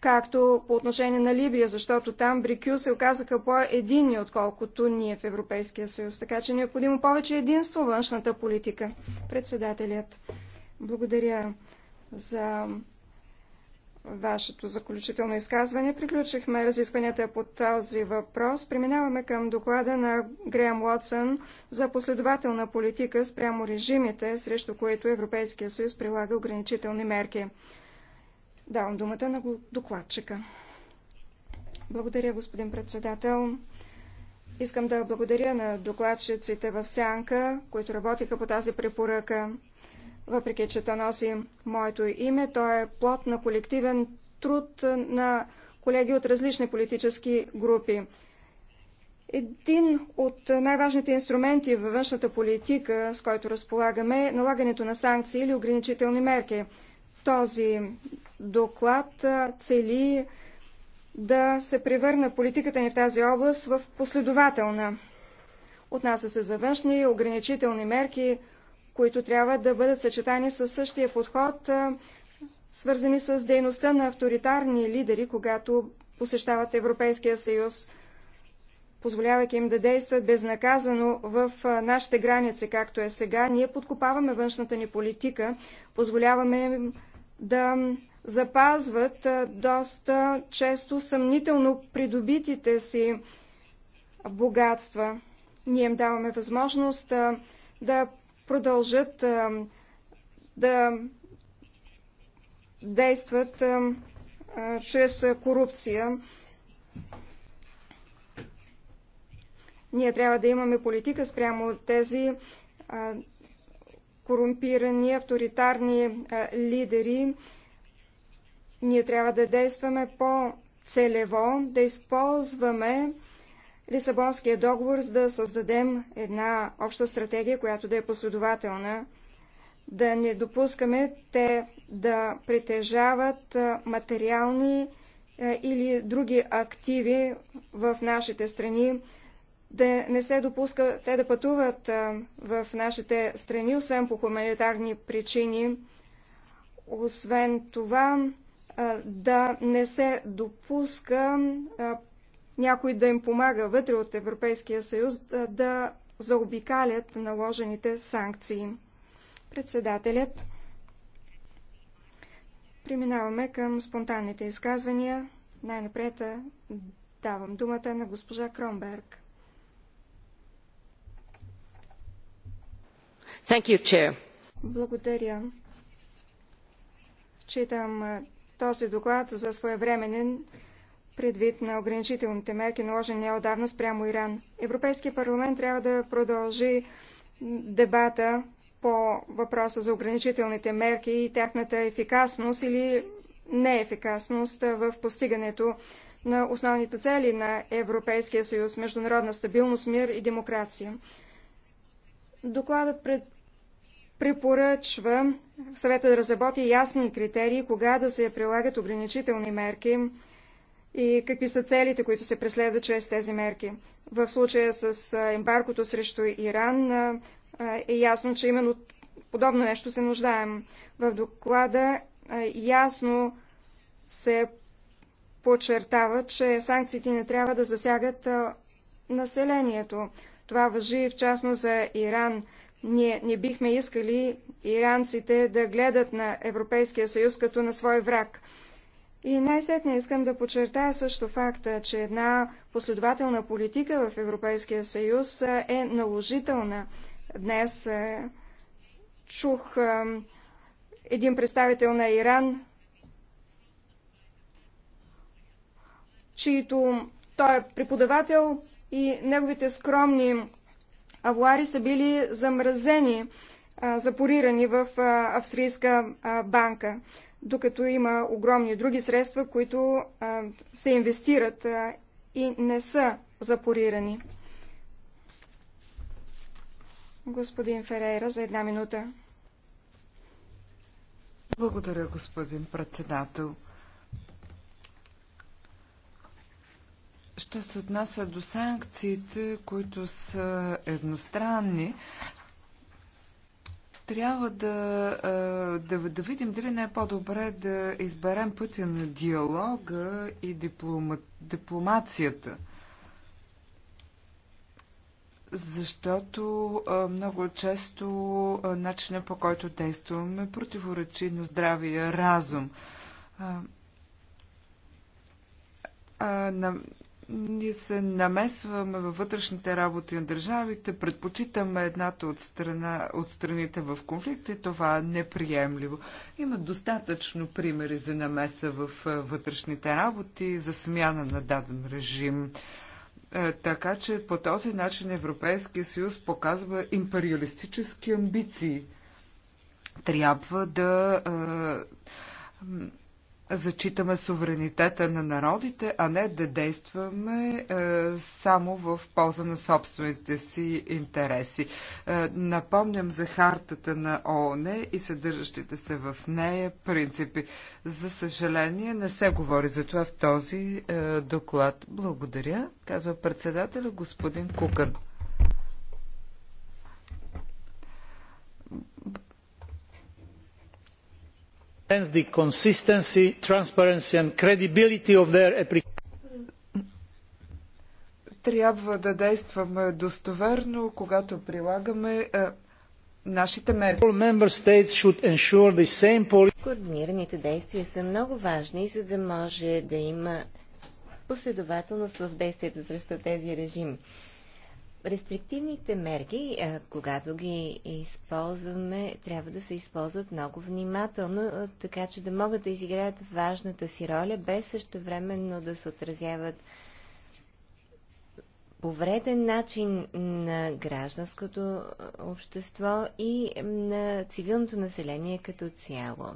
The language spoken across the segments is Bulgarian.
както по отношение на Либия, защото там Брикю се оказаха по-единни, отколкото ние в Европейския съюз. Така че е необходимо повече единство външната политика. Председателят, благодаря за вашето заключително изказване. Приключихме разискванията по този въпрос. Преминаваме към доклада на Греъм Уотсън за последователна политика спрямо режимите, срещу които Европейския съюз прилага ограничителни мерки. Давам думата на докладчика. Благодаря, господин председател. Искам да благодаря на докладчиците в Сянка, които работиха по тази препоръка. Въпреки, че то носи моето име, то е плод на колективен труд на колеги от различни политически групи. Един от най-важните инструменти във външната политика, с който разполагаме, е налагането на санкции или ограничителни мерки. Този доклад цели да се превърна политиката ни в тази област в последователна. Отнася се за външни ограничителни мерки, които трябва да бъдат съчетани със същия подход, свързани с дейността на авторитарни лидери, когато посещават Европейския съюз, позволявайки им да действат безнаказано в нашите граници, както е сега. Ние подкопаваме външната ни политика, позволяваме им да запазват доста често съмнително придобитите си богатства. Ние им даваме възможност да продължат да действат чрез корупция. Ние трябва да имаме политика спрямо тези корумпирани, авторитарни е, лидери. Ние трябва да действаме по-целево, да използваме Лисабонския договор, за да създадем една обща стратегия, която да е последователна, да не допускаме те да притежават е, материални е, или други активи в нашите страни, да не се допуска те да пътуват в нашите страни, освен по хуманитарни причини. Освен това, да не се допуска някой да им помага вътре от Европейския съюз да заобикалят наложените санкции. Председателят. Преминаваме към спонтанните изказвания. Най-напред давам думата на госпожа Кромберг. Благодаря. Читам този доклад за своевременен предвид на ограничителните мерки, наложени неодавна спрямо Иран. Европейския парламент трябва да продължи дебата по въпроса за ограничителните мерки и тяхната ефикасност или неефикасност в постигането на основните цели на Европейския съюз – международна стабилност, мир и демокрация. Докладът пред препоръчва съвета да разработи ясни критерии, кога да се прилагат ограничителни мерки и какви са целите, които се преследват чрез тези мерки. В случая с ембаркото срещу Иран е ясно, че именно подобно нещо се нуждаем. В доклада ясно се подчертава, че санкциите не трябва да засягат населението. Това въжи в частност за Иран. Ние не бихме искали иранците да гледат на Европейския съюз като на свой враг. И най-сетне искам да подчертая също факта, че една последователна политика в Европейския съюз е наложителна. Днес чух един представител на Иран, чието той е преподавател и неговите скромни авуари са били замразени, запорирани в австрийска банка, докато има огромни други средства, които се инвестират и не са запорирани. Господин Ферейра, за една минута. Благодаря, господин председател. Що се отнася до санкциите, които са едностранни, трябва да, да, да видим дали не е по-добре да изберем пътя на диалога и диплома, дипломацията. Защото много често начинът по който действаме противоречи на здравия разум. А, на, ние се намесваме във вътрешните работи на държавите, предпочитаме едната от, страна, от страните в конфликта и това е неприемливо. Има достатъчно примери за намеса в е, вътрешните работи, за смяна на даден режим. Е, така че по този начин Европейския съюз показва империалистически амбиции. Трябва да е, зачитаме суверенитета на народите, а не да действаме е, само в полза на собствените си интереси. Е, напомням за хартата на ООН и съдържащите се в нея принципи. За съжаление, не се говори за това в този е, доклад. Благодаря, казва председателя господин Кукан. the consistency, transparency and credibility of their application трябва да действаме достоверно, когато прилагаме е, нашите мерки. Координираните действия са много важни, за да може да има последователност в действията срещу тези режими. Рестриктивните мерки, когато ги използваме, трябва да се използват много внимателно, така че да могат да изиграят важната си роля, без същевременно да се отразяват по вреден начин на гражданското общество и на цивилното население като цяло.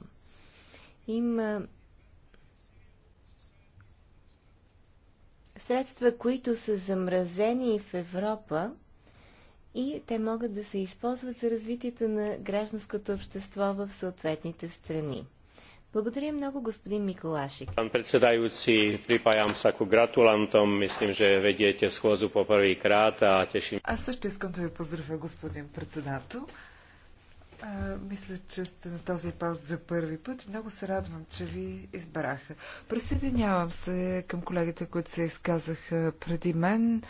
Има средства, които са замразени в Европа и те могат да се използват за развитието на гражданското общество в съответните страни. Благодаря много, господин Миколашик. Pán predsedajúci, pripájam sa ku gratulantom. Myslím, že vediete schôzu poprvýkrát a teším... Аз също искам да ви поздравя, господин председател. А, мисля, че сте на този пост за първи път. Много се радвам, че ви избраха. Присъединявам се към колегите, които се изказаха преди мен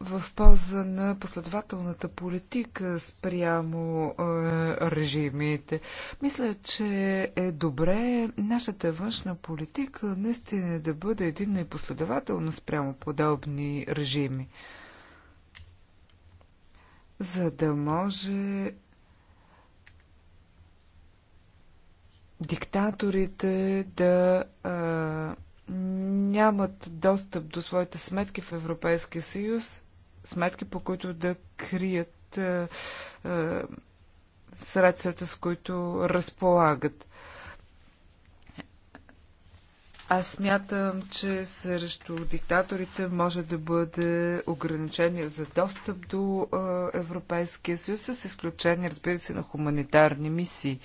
в полза на последователната политика спрямо е, режимите. Мисля, че е добре нашата външна политика наистина да бъде един и последователна спрямо подобни режими. Е, за да може диктаторите да а, нямат достъп до своите сметки в Европейския съюз, сметки по които да крият а, а, средствата, с които разполагат. Аз смятам, че срещу диктаторите може да бъде ограничение за достъп до Европейския съюз, с изключение, разбира се, на хуманитарни мисии.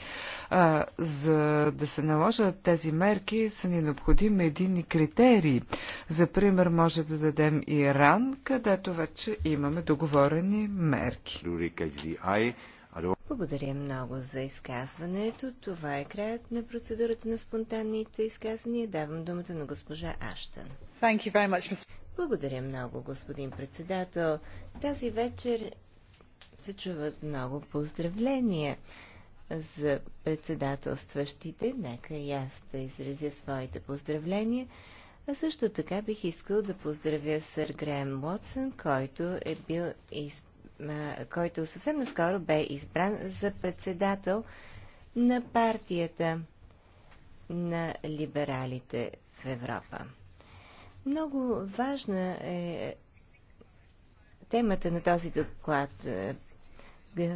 за да се наложат тези мерки, са ни необходими едини критерии. За пример, може да дадем Иран, където вече имаме договорени мерки. Благодаря много за изказването. Това е краят на процедурата на спонтанните изказвания. Давам думата на госпожа Аштън. Much, Благодаря много, господин председател. Тази вечер се чуват много поздравления за председателстващите. Нека и аз да изразя своите поздравления. А също така бих искал да поздравя сър Грем Уотсън, който е бил изпълнен който съвсем наскоро бе избран за председател на партията на либералите в Европа. Много важна е темата на този доклад,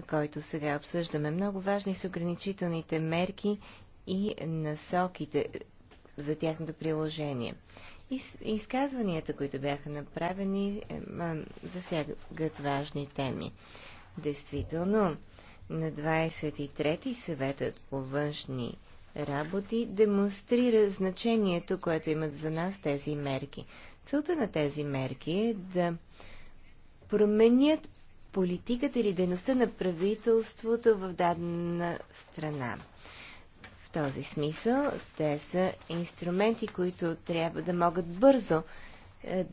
който сега обсъждаме. Много важни са ограничителните мерки и насоките за тяхното приложение изказванията, които бяха направени, е, засягат важни теми. Действително, на 23-ти съветът по външни работи демонстрира значението, което имат за нас тези мерки. Целта на тези мерки е да променят политиката или дейността на правителството в дадена страна. В този смисъл те са инструменти, които трябва да могат бързо е,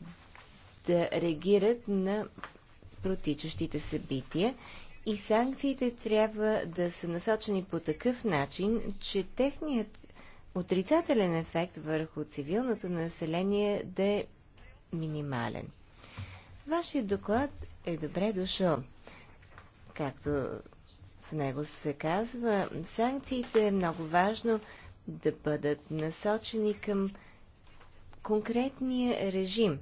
да реагират на протичащите събития и санкциите трябва да са насочени по такъв начин, че техният отрицателен ефект върху цивилното население да е минимален. Вашият доклад е добре дошъл. Както в него се казва, санкциите е много важно да бъдат насочени към конкретния режим.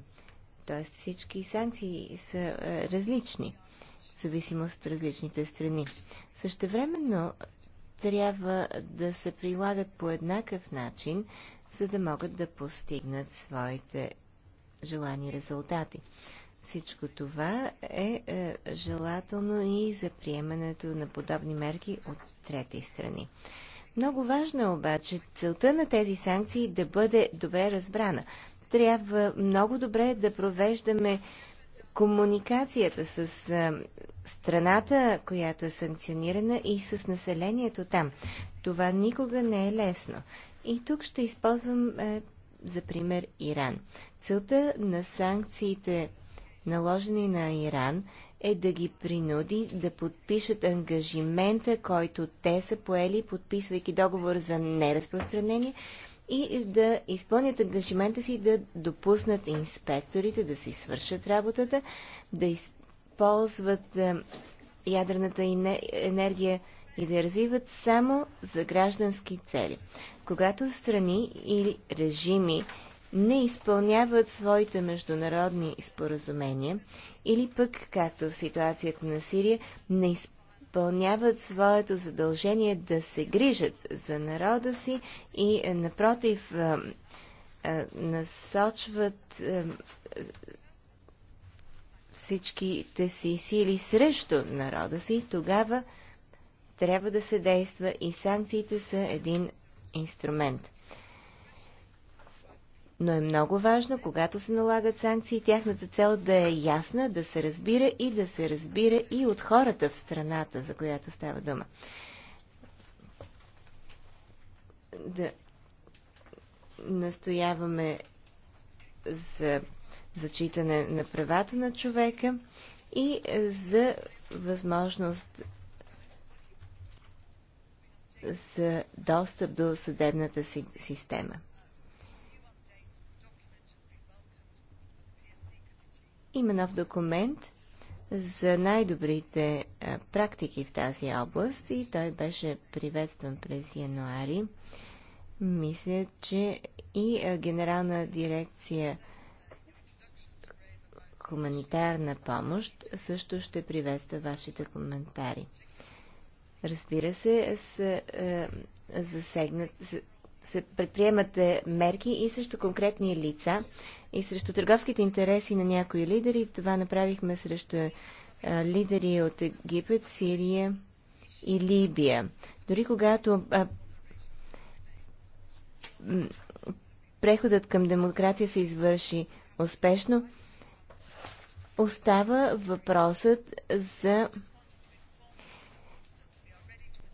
Т.е. всички санкции са е, различни, в зависимост от различните страни. Същевременно трябва да се прилагат по еднакъв начин, за да могат да постигнат своите желани резултати. Всичко това е, е желателно и за приемането на подобни мерки от трети страни. Много важно е обаче целта на тези санкции да бъде добре разбрана. Трябва много добре да провеждаме комуникацията с е, страната, която е санкционирана и с населението там. Това никога не е лесно. И тук ще използвам е, за пример Иран. Целта на санкциите наложени на Иран, е да ги принуди да подпишат ангажимента, който те са поели, подписвайки договор за неразпространение и да изпълнят ангажимента си да допуснат инспекторите да си свършат работата, да използват е, ядрената енергия и да я развиват само за граждански цели. Когато страни или режими не изпълняват своите международни споразумения или пък, както в ситуацията на Сирия, не изпълняват своето задължение да се грижат за народа си и, е, напротив, е, е, насочват всичките си сили срещу народа си, тогава трябва да се действа и санкциите са един инструмент но е много важно, когато се налагат санкции, тяхната цел да е ясна, да се разбира и да се разбира и от хората в страната, за която става дума. Да настояваме за зачитане на правата на човека и за възможност за достъп до съдебната си система. Има нов документ за най-добрите практики в тази област и той беше приветстван през януари. Мисля, че и Генерална дирекция хуманитарна помощ също ще приветства вашите коментари. Разбира се, с, е, засегнат, се предприемат е, мерки и срещу конкретни лица и срещу търговските интереси на някои лидери. Това направихме срещу е, лидери от Египет, Сирия и Либия. Дори когато а, преходът към демокрация се извърши успешно, остава въпросът за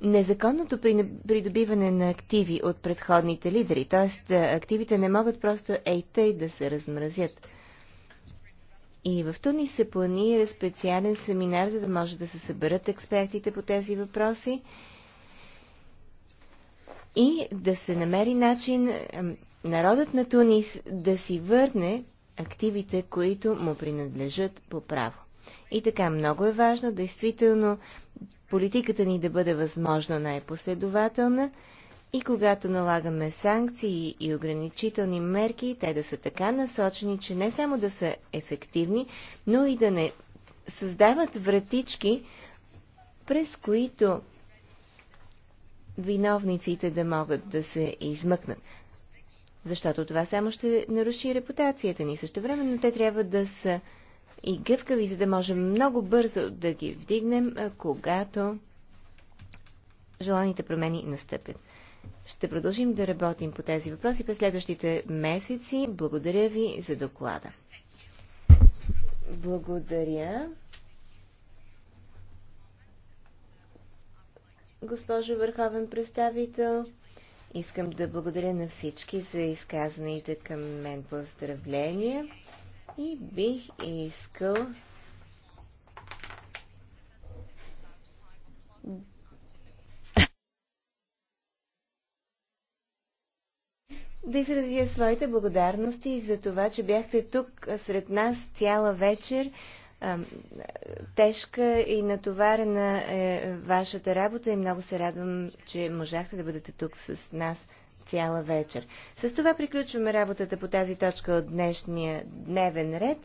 незаконното придобиване на активи от предходните лидери, т.е. активите не могат просто ей тъй да се размразят. И в Туни се планира специален семинар, за да може да се съберат експертите по тези въпроси и да се намери начин народът на Тунис да си върне активите, които му принадлежат по право. И така много е важно действително политиката ни да бъде възможно най-последователна и когато налагаме санкции и ограничителни мерки, те да са така насочени, че не само да са ефективни, но и да не създават вратички, през които виновниците да могат да се измъкнат. Защото това само ще наруши репутацията ни. Също време, но те трябва да са и гъвкави, за да можем много бързо да ги вдигнем, когато желаните промени настъпят. Ще продължим да работим по тези въпроси през следващите месеци. Благодаря ви за доклада. Благодаря. Госпожо Върховен представител, искам да благодаря на всички за изказаните към мен поздравления. И бих искал да изразя своите благодарности за това, че бяхте тук сред нас цяла вечер. Тежка и натоварена е вашата работа и много се радвам, че можахте да бъдете тук с нас цяла вечер. С това приключваме работата по тази точка от днешния дневен ред.